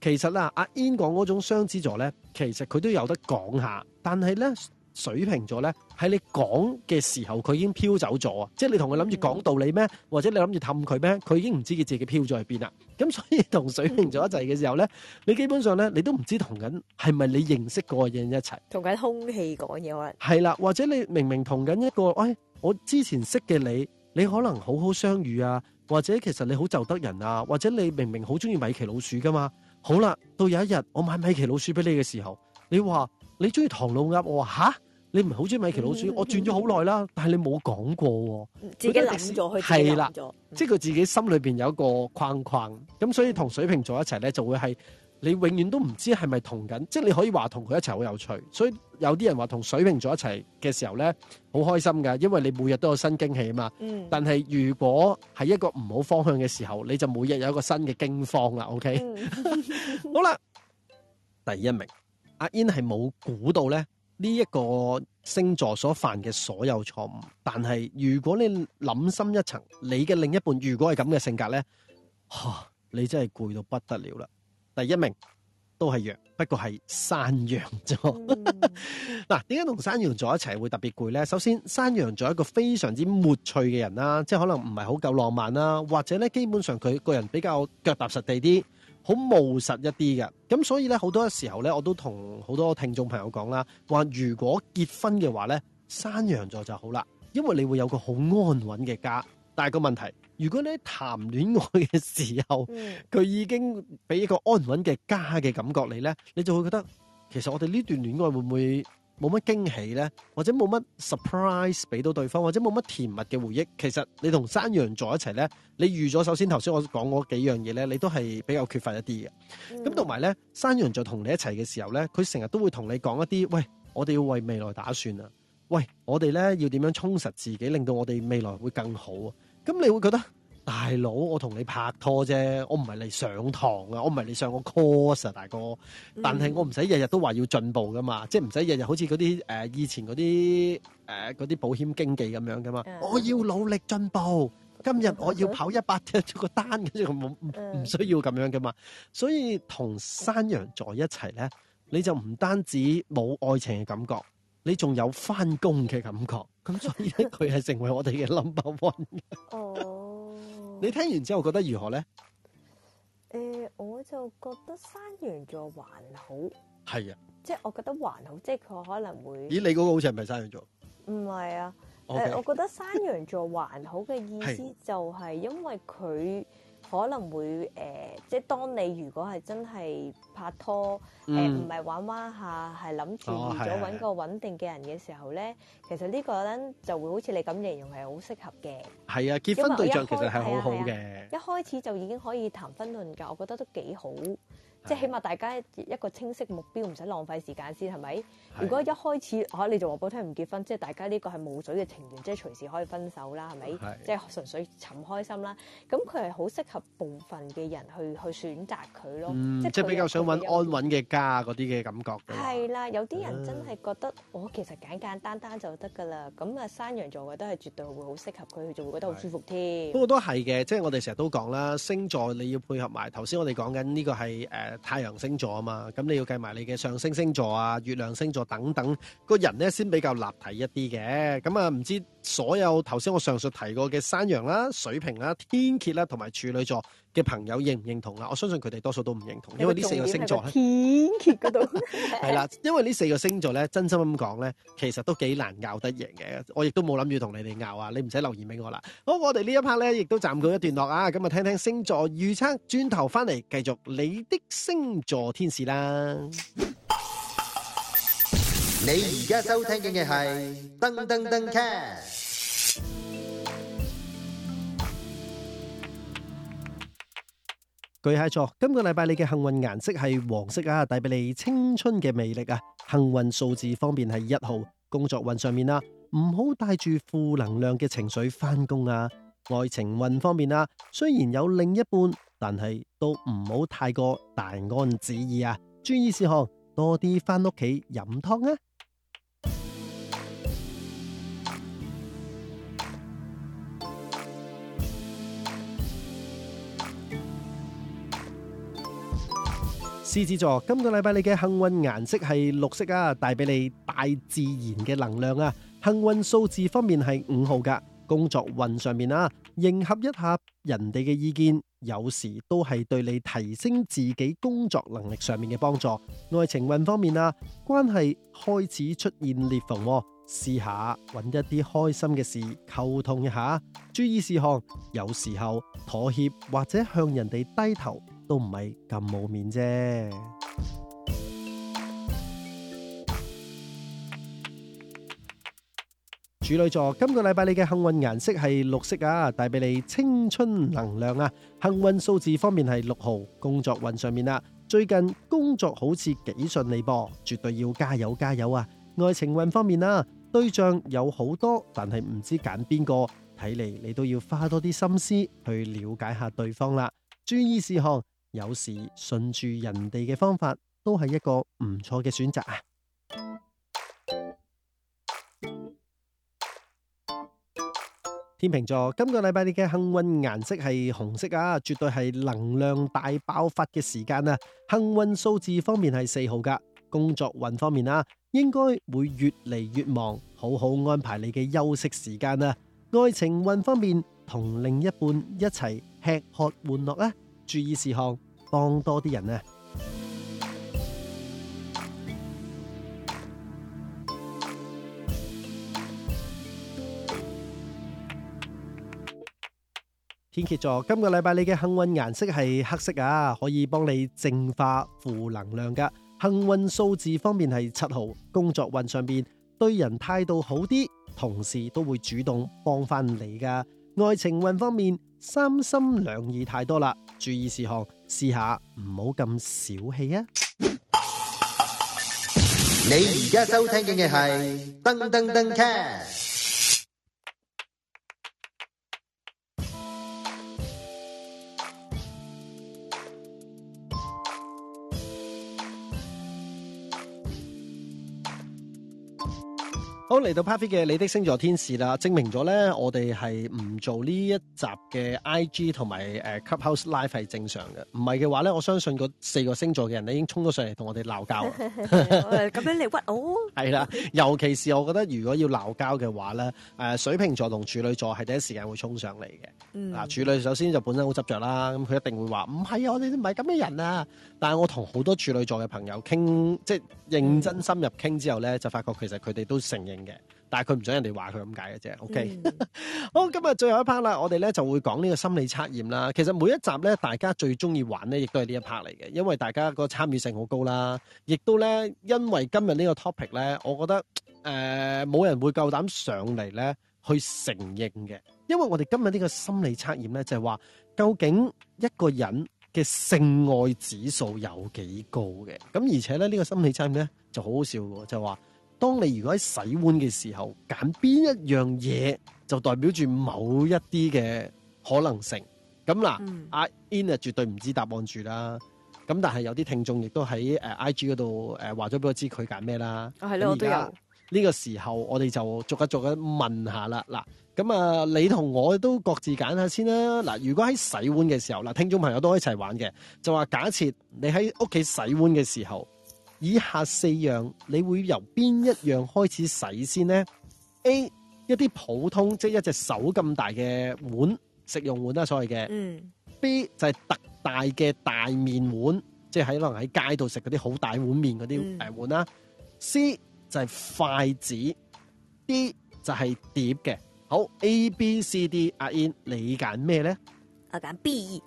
Speaker 1: 其實啦、啊，阿 In 講嗰種雙子座咧，其實佢都有得講下，但係咧水瓶座咧，喺你講嘅時候，佢已經飄走咗啊！即係你同佢諗住講道理咩？嗯、或者你諗住氹佢咩？佢已經唔知佢自己飄咗喺邊啦。咁所以同水瓶座一齊嘅時候咧，嗯、你基本上咧，你都唔知同緊係咪你認識嗰個人一齊，
Speaker 2: 同緊空氣講嘢啊！
Speaker 1: 係啦，或者你明明同緊一個，哎，我之前識嘅你，你可能好好相遇啊，或者其實你好就得人啊，或者你明明好中意米奇老鼠㗎嘛。好啦，到有一日我買米奇老鼠俾你嘅時候，你話你中意唐老鴨，我話吓、啊、你唔係好中意米奇老鼠？ 我轉咗好耐啦，但係你冇講過，自己諗咗去，係啦，是了嗯、即係佢自己心裏邊有一個框框咁，所以同水瓶座一齊咧就會係。你永遠都唔知係咪同緊，即係你可以話同佢一齊好有趣。所以有啲人話同水瓶座一齊嘅時候咧，好開心㗎，因為你每日都有新驚喜啊嘛。嗯、但係如果係一個唔好的方向嘅時候，你就每日有一個新嘅驚慌啦。OK、嗯、 好啦，第一名阿 In 係冇估到咧呢一、呢個星座所犯嘅所有錯誤。但係如果你諗深一層，你嘅另一半如果係咁嘅性格咧，吓，你真係攰到不得了啦。第一名都係羊，不過係山羊座。嗱，點解同山羊座一齊會特別攰呢？首先，山羊座係一個非常之沒趣嘅人啦，即係可能唔係好夠浪漫啦，或者咧，基本上佢個人比較腳踏實地啲，好務實一啲嘅。咁所以咧，好多時候咧，我都同好多聽眾朋友講啦，話如果結婚嘅話咧，山羊座就好啦，因為你會有個好安穩嘅家。但係個問題，如果你喺談戀愛嘅時候，佢已經俾一個安穩嘅家嘅感覺你咧，你就會覺得，其實我哋呢段戀愛會唔會冇乜驚喜咧，或者冇乜 surprise 俾到對方，或者冇乜甜蜜嘅回憶？其實你同山羊座在一齊咧，你預咗首先頭先我講嗰幾樣嘢咧，你都係比較缺乏一啲嘅。咁同埋咧，山羊座同你一齊嘅時候咧，佢成日都會同你講一啲，喂，我哋要為未來打算啊！喂，我哋咧要點樣充實自己，令到我哋未來會更好啊？咁你會覺得大佬，我同你拍拖啫，我唔係嚟上堂啊，我唔係嚟上個 course 啊，大哥。但係我唔使日日都話要進步噶嘛，嗯、即係唔使日日好似嗰啲誒以前嗰啲誒嗰啲保險經紀咁樣噶嘛。嗯、我要努力進步，今日我要跑一百隻出個單，跟住冇唔需要咁樣噶嘛。所以同山羊在一齊咧，你就唔單止冇愛情嘅感覺。你仲有返工嘅感覺，咁所以咧佢係成為我哋嘅 number one 嘅。哦 ，oh, 你聽完之後覺得如何咧？
Speaker 2: 誒、呃，我就覺得山羊座還好，係啊，即係我覺得還好，即係佢可能會。咦，
Speaker 1: 你嗰個好似唔係山羊座？
Speaker 2: 唔係啊，誒 Okay.、呃，我覺得山羊座還好嘅意思 係、啊、就係因為佢。可能會誒、呃，即係當你如果係真係拍拖，誒唔係玩玩下，係諗住變咗搵個穩定嘅人嘅時候咧，哦、其實這個呢個咧就會好似你咁形容係好適合嘅。
Speaker 1: 係啊，結婚對象其實係好好嘅，一
Speaker 2: 開始就已經可以談婚論嫁，我覺得都幾好。即係是起碼大家一個清晰目標，唔使浪費時間先，係咪？是如果一開始嚇、啊、你就話保聽唔結婚，即係大家呢個係冇水嘅情緣，即係隨時可以分手啦，係咪？是即係純粹尋開心啦。咁佢係好適合部分嘅人去去選擇佢咯。嗯、即係他 比較想揾安
Speaker 1: 穩嘅家嗰啲嘅感覺。
Speaker 2: 係啦，有啲人真係覺得、嗯、我其實簡簡單單就得㗎啦。咁啊，山羊座嘅都係絕對會好適合佢，佢就會覺得好舒服添。不過都
Speaker 1: 係嘅，即係我哋成日都講啦，星座你要配合埋頭先，剛才我哋講緊呢個係誒。呃太陽星座啊嘛，咁你要計埋你嘅上升星，星座啊、月亮星座等等，個人咧先比較立體一啲嘅。咁啊，唔知所有頭先我上述提過嘅山羊啦、啊、水瓶啦、啊、天蠍啦同埋處女座。嘅朋友認唔認同啊？我相信佢哋多數都唔認同，因為呢四個星座喺
Speaker 2: 欠缺嗰度。係啦
Speaker 1: 因為呢四個星座咧，真心咁講咧，其實都幾難拗得贏嘅。我亦都冇諗住同你哋拗啊！你唔使留言俾我啦。好，我哋呢一 part 咧，亦都暫告一段落啊！咁啊，聽聽星座預測，轉頭翻嚟繼續你的星座天使啦。你而家收聽嘅係《登登登 c a s 巨蟹座，今個禮拜你嘅幸運顏色係黃色啊，帶俾你青春嘅魅力啊。幸運數字方面係一號，工作運上面啊，唔好帶住負能量嘅情緒返工啊。愛情運方面啊，雖然有另一半，但係都唔好太過大安旨意啊，注意事項，多啲返屋企飲湯啊。獅子座，今個禮拜你嘅幸運顏色係綠色啊，帶俾你大自然嘅能量啊。幸運數字方面係五號噶，工作運上面啊，迎合一下人哋嘅意見，有時都係對你提升自己工作能力上面嘅幫助。愛情運方面啊，關係開始出現裂縫啊，試下搵一啲開心嘅事溝通一下。注意事項，有時候妥協或者向人哋低頭，都唔係咁冇面啫。處女座，今個禮拜你嘅幸運顏色係綠色啊，帶俾你青春能量啊。幸運數字方面係六號，工作運上面啊，最近工作好似幾順利噃，絕對要加油加油啊！愛情運方面啊，對象有好多，但係唔知揀邊個，睇嚟你都要花多啲心思去了解下對方啦。注意事項。有時順住人哋嘅方法都係一個唔錯嘅選擇啊！天秤座今個禮拜你嘅幸運顏色係紅色啊，絕對係能量大爆發嘅時間啊！幸運數字方面係四號噶，工作運方面啊，應該會越嚟越忙，好好安排你嘅休息時間啊！愛情運方面，同另一半一齊吃喝玩樂啊。注意事項，幫多啲人啊！天蠍座今個禮拜你嘅幸運顏色係黑色啊，可以幫你淨化負能量噶。幸運數字方面係七號，工作運上邊對人態度好啲，同事都會主動幫翻你噶。愛情運方面，三心兩意太多啦。注意事項，試下唔好咁小氣啊！你而家收聽嘅係《噔噔噔 c a 好，嚟到 Puffy 嘅你的星座天使啦，證明咗咧，我哋係唔做呢一集嘅 IG 同埋誒 Clubhouse Live 係正常嘅。唔係嘅話咧，我相信嗰四個星座嘅人咧已經衝咗上嚟同我哋鬧交。
Speaker 2: 咁 樣你屈我？
Speaker 1: 係啦，尤其是我覺得如果要鬧交嘅話咧，誒、呃、水瓶座同處女座係第一時間會衝上嚟嘅。嗱、嗯，處女首先就本身好執着啦，咁佢一定會話唔係啊，我哋都唔係咁嘅人啊。但係我同好多處女座嘅朋友傾，即係認真深入傾之後咧，嗯、就發覺其實佢哋都承認。嘅，但係佢唔想人哋話佢咁解嘅啫。OK，、嗯、 好，今日最後一 part 啦，我哋咧就會講呢個心理測驗啦。其實每一集咧，大家最中意玩咧，亦都係呢一 part 嚟嘅，因為大家個參與性好高啦，亦都咧因為今日呢個 topic 咧，我覺得誒冇、呃、人會夠膽上嚟咧去承認嘅，因為我哋今日呢個心理測驗咧就係、是、話，究竟一個人嘅性愛指數有幾高嘅？咁而且咧呢、這個心理測驗咧就好好笑嘅，就係話。當你如果喺洗碗嘅時候，揀邊一樣嘢就代表住某一啲嘅可能性。咁嗱，阿 In、嗯、啊絕對唔知答案住啦。咁但係有啲聽眾亦都喺誒、呃、IG 嗰度誒話咗俾我知佢揀咩啦。啊係咯，我都有。呢個時候我哋就逐個逐個問下啦。嗱，咁啊，你同我都各自揀下先啦。嗱，如果喺洗碗嘅時候，嗱聽眾朋友都可以一齊玩嘅，就話假設你喺屋企洗碗嘅時候。以下四樣你會由邊一樣開始洗先咧？A 一啲普通即係一隻手咁大嘅碗，食用碗啦，所謂嘅。嗯。B 就係特大嘅大麵碗，即係喺可能喺街度食嗰啲好大碗麵嗰啲誒碗啦。嗯、C 就係筷子，D 就係碟嘅。好，A, B, C, D, A In,、B、C、D，阿 In 你揀咩咧？我揀 B。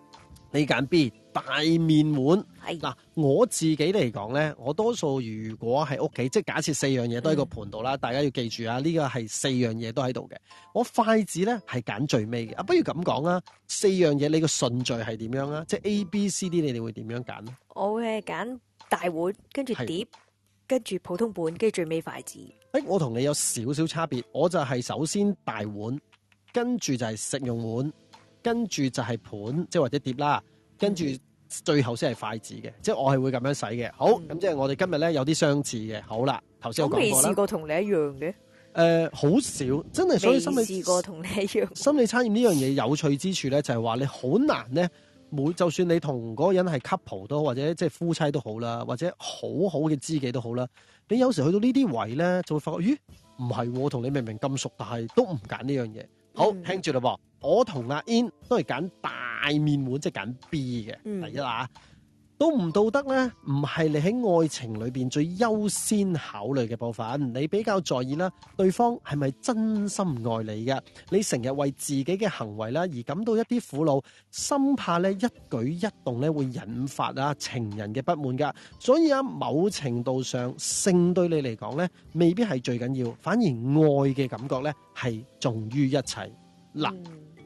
Speaker 1: 你揀 B。大麵碗，嗱是我自己嚟講咧，我多數如果喺屋企，即係假設四樣嘢都喺個盤度啦。嗯、大家要記住啊，呢個係四樣嘢都喺度嘅。我筷子咧係揀最尾嘅啊，不如咁講啦，四樣嘢你個順序係點樣啊？即係 A、B、C、D，你哋會點樣揀咧？
Speaker 2: 我會係揀大碗，跟住碟，跟住是普通盤，跟住最尾筷子。
Speaker 1: 誒、哎，我同你有少少差別，我就係首先大碗，跟住就係食用碗，跟住就係盤，即係或者碟啦。跟住最後先係筷子嘅，即係我係會咁樣洗嘅。好，咁、嗯、即係我哋今日咧有啲相似嘅。好啦，頭先我講過啦。未試過
Speaker 2: 同你一樣嘅，
Speaker 1: 誒、呃，好少，的真係。所以心理試過同你一樣。心理測驗呢樣嘢有趣之處咧，就係、是、話你好難咧，每就算你同嗰個人係 couple 都，或者即係夫妻都好啦，或者好好嘅知己都好啦，你有時去到這些位呢啲位咧，就會發覺咦，唔係喎，我同你明明咁熟，但係都唔揀呢樣嘢。好，聽住咯，我同阿 In 都係揀大麵碗，即係揀 B 嘅，嗯、第一啊。都唔道德咧，唔係你喺愛情裏邊最優先考慮嘅部分，你比較在意啦，對方係咪真心愛你嘅？你成日為自己嘅行為啦而感到一啲苦惱，心怕咧一舉一動咧會引發啊情人嘅不滿噶。所以喺某程度上，性對你嚟講咧未必係最緊要，反而愛嘅感覺咧係重於一切。嗱，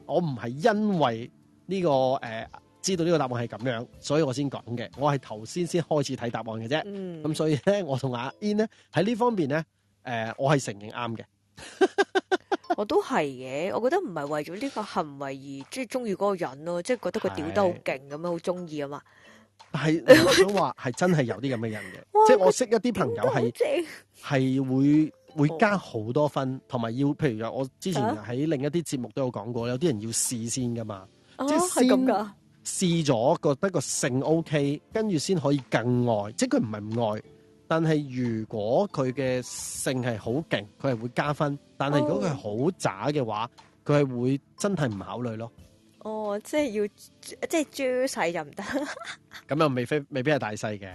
Speaker 1: 我唔係因為呢個誒。知道呢個答案係咁樣，所以我先講嘅。我係頭先先開始睇答案嘅啫。咁、嗯、所以咧，我同阿 In 咧喺呢方面咧，誒、呃，我係承認啱嘅。
Speaker 2: 我都係嘅，我覺得唔係為咗呢個行為而即係中意嗰個人咯，即係覺得佢屌得好勁咁樣，好中意啊嘛。
Speaker 1: 但係我想話係真係有啲咁嘅人嘅， 哇即係我識一啲朋友係係會會加好多分，同埋要譬如我之前喺另一啲節目都有講過，啊、有啲人要試先噶嘛，
Speaker 2: 啊、即係是先噶。
Speaker 1: 試咗覺得個性 OK，跟住先可以更愛。即係佢唔係唔愛，但係如果佢嘅性係好勁，佢係會加分。但係如果佢係好渣嘅話，佢係、哦、會真係唔考慮咯。
Speaker 2: 哦，即係要即係豬細就唔得。
Speaker 1: 咁又未非未必係大細嘅，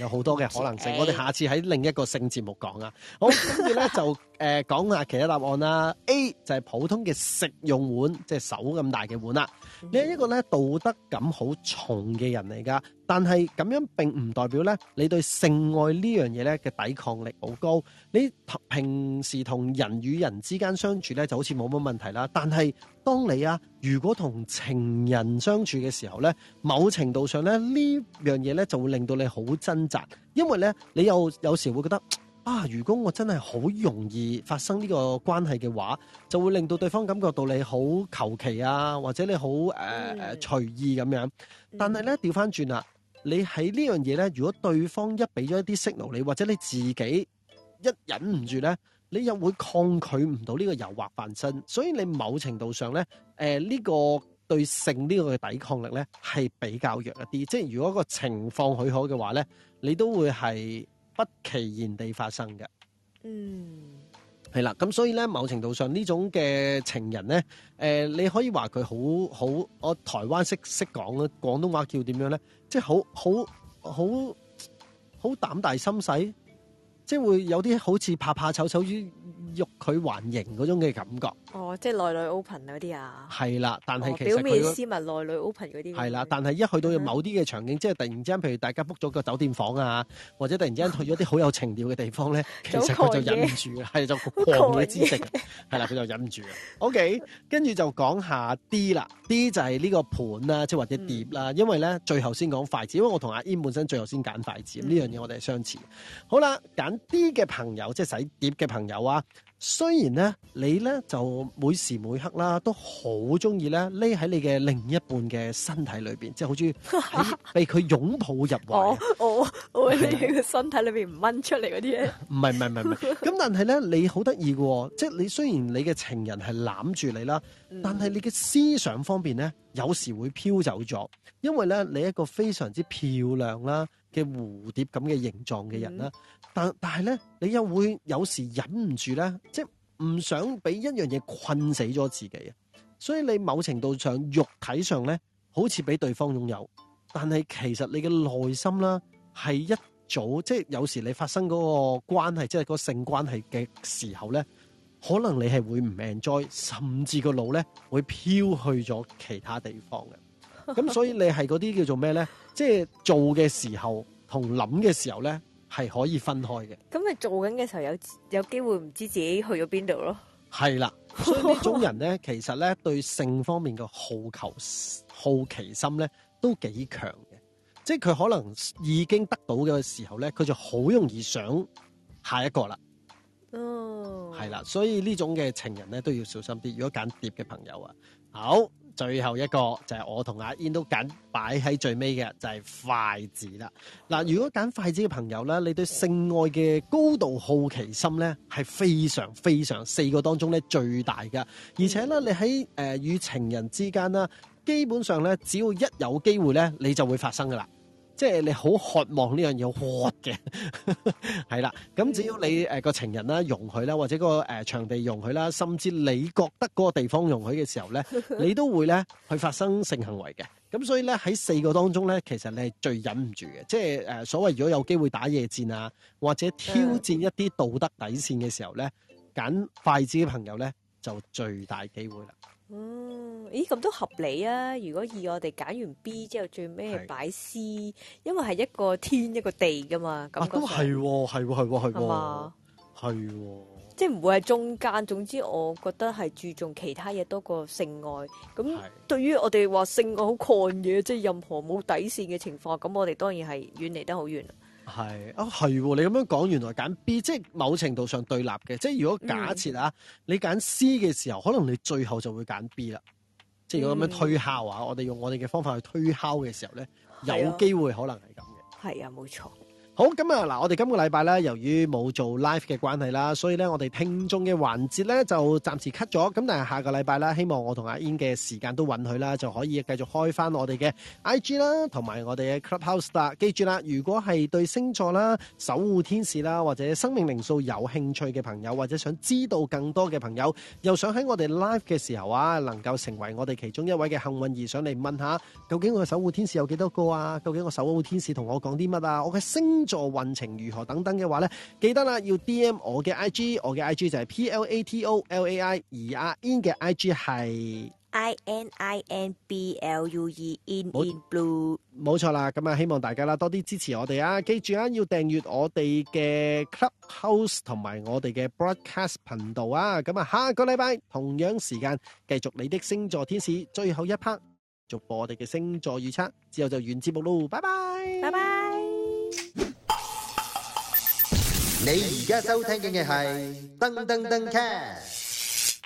Speaker 1: 有好多嘅可能性。嗯、我哋下次喺另一個性節目講啊。好，跟住咧就誒講下其他答案啦。 A 就係普通嘅食用碗，即係手咁大嘅碗啦。嗯、你係一個咧道德感好重嘅人嚟噶，但係咁樣並唔代表咧你對性愛呢樣嘢咧嘅抵抗力好高。你平時同人與人之間相處咧就好似冇乜問題啦，但係當你啊如果同情人相處嘅時候咧，某程度上咧呢。呢樣嘢咧就會令到你好掙扎，因為咧你有有時會覺得啊，如果我真係好容易發生呢個關係嘅話，就會令到對方感覺到你好求其啊，或者你好誒、呃、隨意咁樣。但係咧調翻轉啦，你喺呢樣嘢咧，如果對方一俾咗一啲息怒你，或者你自己一忍唔住咧，你又會抗拒唔到呢個誘惑翻身。所以你某程度上咧，誒、呃、呢、呢個。對性呢個嘅抵抗力咧係比較弱一啲，即係如果個情況許可嘅話咧，你都會係不期然地發生嘅。嗯，係啦，咁所以咧某程度上呢種嘅情人咧，誒、呃、你可以話佢好好，我台灣識識講嘅廣東話叫點樣咧，即係好好好好膽大心細，即係會有啲好似怕怕醜醜於，欲佢還形嗰種嘅感覺，
Speaker 2: 哦，即係內裏 open 嗰啲
Speaker 1: 啊，係啦，但係其實、哦、表面斯
Speaker 2: 文，內裏 open 嗰啲，係
Speaker 1: 啦，但係一去到某啲嘅場景，嗯、即係突然之間，譬如大家 book 咗個酒店房啊，或者突然之間去咗啲好有情調嘅地方咧， 其實佢就忍唔住，係、嗯、 就狂野之極，係啦， 佢就忍唔住。OK，跟住就講下 D 啦，D 就係呢個盤啦、啊，即係或者碟啦、啊，嗯、因為咧最後先講筷子，因為我同阿 In 本身最後先揀筷子，呢、嗯、樣嘢我哋係相似。好啦，揀 D 嘅朋友，即係洗碟嘅朋友啊。雖然咧，你咧就每時每刻啦，都好中意咧匿喺你嘅另一半嘅身體裏邊，即係好中
Speaker 2: 意
Speaker 1: 被佢擁抱入
Speaker 2: 懷、 哦，我哦，會匿喺佢身體裏邊唔掹出嚟嗰啲嘢。
Speaker 1: 唔係唔係唔係，咁 但係咧，你好得意嘅，即係你雖然你嘅情人係攬住你啦，但係你嘅思想方面咧。有時會飄走咗，因為咧你一個非常之漂亮啦嘅蝴蝶咁嘅形狀嘅人啦、嗯，但但係咧你又會有時忍唔住咧，即係唔想俾一樣嘢困死咗自己啊，所以你某程度上肉體上咧好似俾對方擁有，但係其實你嘅內心啦係一早即係有時你發生嗰個關係，即係嗰性關係嘅時候咧。可能你係會唔享受，甚至個腦咧會飄去咗其他地方嘅。咁 所以你係嗰啲叫做咩咧？即係做嘅時候同諗嘅時候咧，係可以分開嘅。
Speaker 2: 咁咪做緊嘅時候有有機會唔知自己去咗邊度咯？
Speaker 1: 係啦，所以呢種人咧，其實咧對性方面嘅好求好奇心咧都幾強嘅。即係佢可能已經得到嘅時候咧，佢就好容易想下一個啦。哦，係啦、oh.，所以呢種嘅情人咧都要小心啲。如果揀碟嘅朋友啊，好，最後一個就係我同阿 In 都揀擺喺最尾嘅，就係、是就是、筷子啦。嗱，如果揀筷子嘅朋友咧，你對性愛嘅高度好奇心咧係非常非常四個當中咧最大噶，而且咧你喺誒與情人之間啦，基本上咧只要一有機會咧，你就會發生噶啦。即係你好渴望呢樣嘢渴嘅，係 啦。咁只要你誒個情人啦容許啦，或者個誒場地容許啦，甚至你覺得嗰個地方容許嘅時候咧，你都會咧去發生性行為嘅。咁所以咧喺四個當中咧，其實你係最忍唔住嘅。即係誒所謂如果有機會打野戰啊，或者挑戰一啲道德底線嘅時候咧，揀筷子嘅朋友咧就最大機會啦。
Speaker 2: 嗯，咦咁都合理啊！如果以我哋揀完 B 之後最尾係擺 C，是因為係一個天一個地噶嘛，咁、啊、感
Speaker 1: 覺係係係係係嘛，係
Speaker 2: 即係唔會係中間。總之我覺得係注重其他嘢多過性愛。咁對於我哋話性愛好狂嘢，即、就、係、是、任何冇底線嘅情況，咁我哋當然係遠離得好遠。
Speaker 1: 係啊，係、哦、你咁樣講，原來揀 B，即係某程度上對立嘅。即係如果假設啊，嗯、你揀 C 嘅時候，可能你最後就會揀 B 啦。即係如果咁樣推敲啊，嗯、我哋用我哋嘅方法去推敲嘅時候咧，的有機會可能
Speaker 2: 係咁嘅。係啊，冇錯。
Speaker 1: 好咁啊！嗱，我哋今個禮拜咧，由於冇做 live 嘅關係啦，所以咧我哋聽眾嘅環節咧就暫時 cut 咗。咁但係下個禮拜啦，希望我同阿 In 嘅時間都允許啦，就可以繼續開翻我哋嘅 IG 啦，同埋我哋嘅 Clubhouse 啦。記住啦，如果係對星座啦、守護天使啦或者生命靈數有興趣嘅朋友，或者想知道更多嘅朋友，又想喺我哋 live 嘅時候啊，能夠成為我哋其中一位嘅幸運兒，上嚟問下究竟我嘅守護天使有幾多個啊？究竟我守護天使同我講啲乜啊？我嘅星。座運程如何等等嘅話咧，記得啦，要 D M 我嘅 I G，我嘅 I G 就係 P L A T O L A I，而阿 In 嘅 I G 係
Speaker 2: I N I N B L U E，In
Speaker 1: Blue，冇錯啦。咁啊，希望大家啦多啲支持我哋啊，記住啊，要訂閱我哋嘅 Clubhouse 同埋我哋嘅 Broadcast 頻道啊。咁啊，下個禮拜同樣時間繼續你的星座天使最後一 part，續播我哋嘅星座預測。之後就完節目咯，拜
Speaker 2: 拜，拜拜。
Speaker 1: 你而家收聽緊嘅係噔噔噔 cast。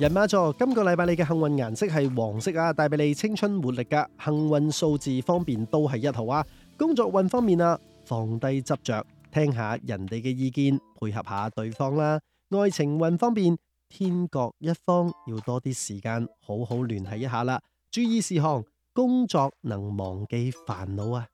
Speaker 1: 人馬座，今個禮拜你嘅幸運顏色係黃色啊，帶俾你青春活力噶幸運數字方面都係一號啊。工作運方面啊，放低執着，聽下人哋嘅意見，配合下對方啦。愛情運方面。天各一方，要多啲時間好好聯繫一下啦！注意事項，工作能忘記煩惱啊！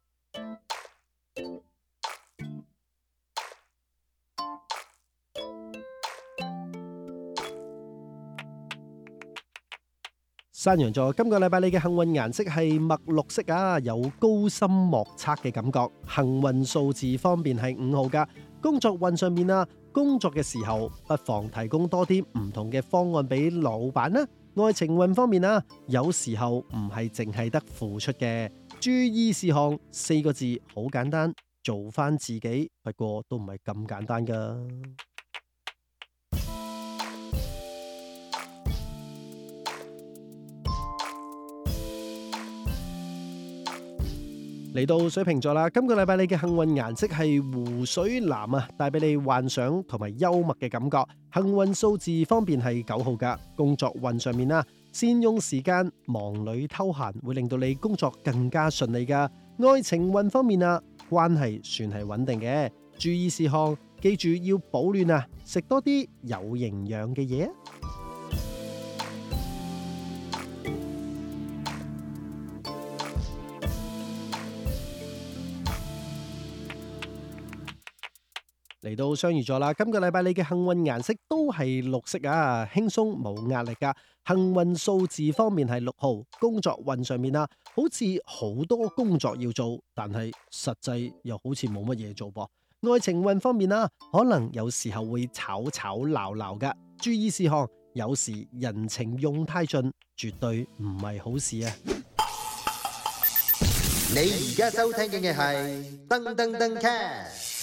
Speaker 1: 山羊座，今個禮拜你嘅幸運顏色係墨綠色啊，有高深莫測嘅感覺。幸運數字方面係五號噶。工作運上面啊，工作嘅時候不妨提供多啲唔同嘅方案俾老闆啦。愛情運方面啊，有時候唔係淨係得付出嘅。注意事項四個字，好簡單，做翻自己。不過都唔係咁簡單噶。嚟到水瓶座啦，今個禮拜你嘅幸運顏色係湖水藍啊，帶俾你幻想同埋幽默嘅感覺。幸運數字方面係九號噶，工作運上面啊，善用時間忙裏偷閒會令到你工作更加順利噶。愛情運方面啊，關係算係穩定嘅，注意事項，記住要保暖啊，食多啲有營養嘅嘢。嚟到雙魚座啦！今個禮拜你嘅幸運顏色都係綠色啊，輕鬆冇壓力噶。幸運數字方面係六號，工作運上面啊，好似好多工作要做，但係實際又好似冇乜嘢做噃。愛情運方面啊，可能有時候會吵吵鬧鬧噶，注意事項，有時人情用太盡，絕對唔係好事啊！
Speaker 2: 你而家收聽緊嘅係噔噔噔 c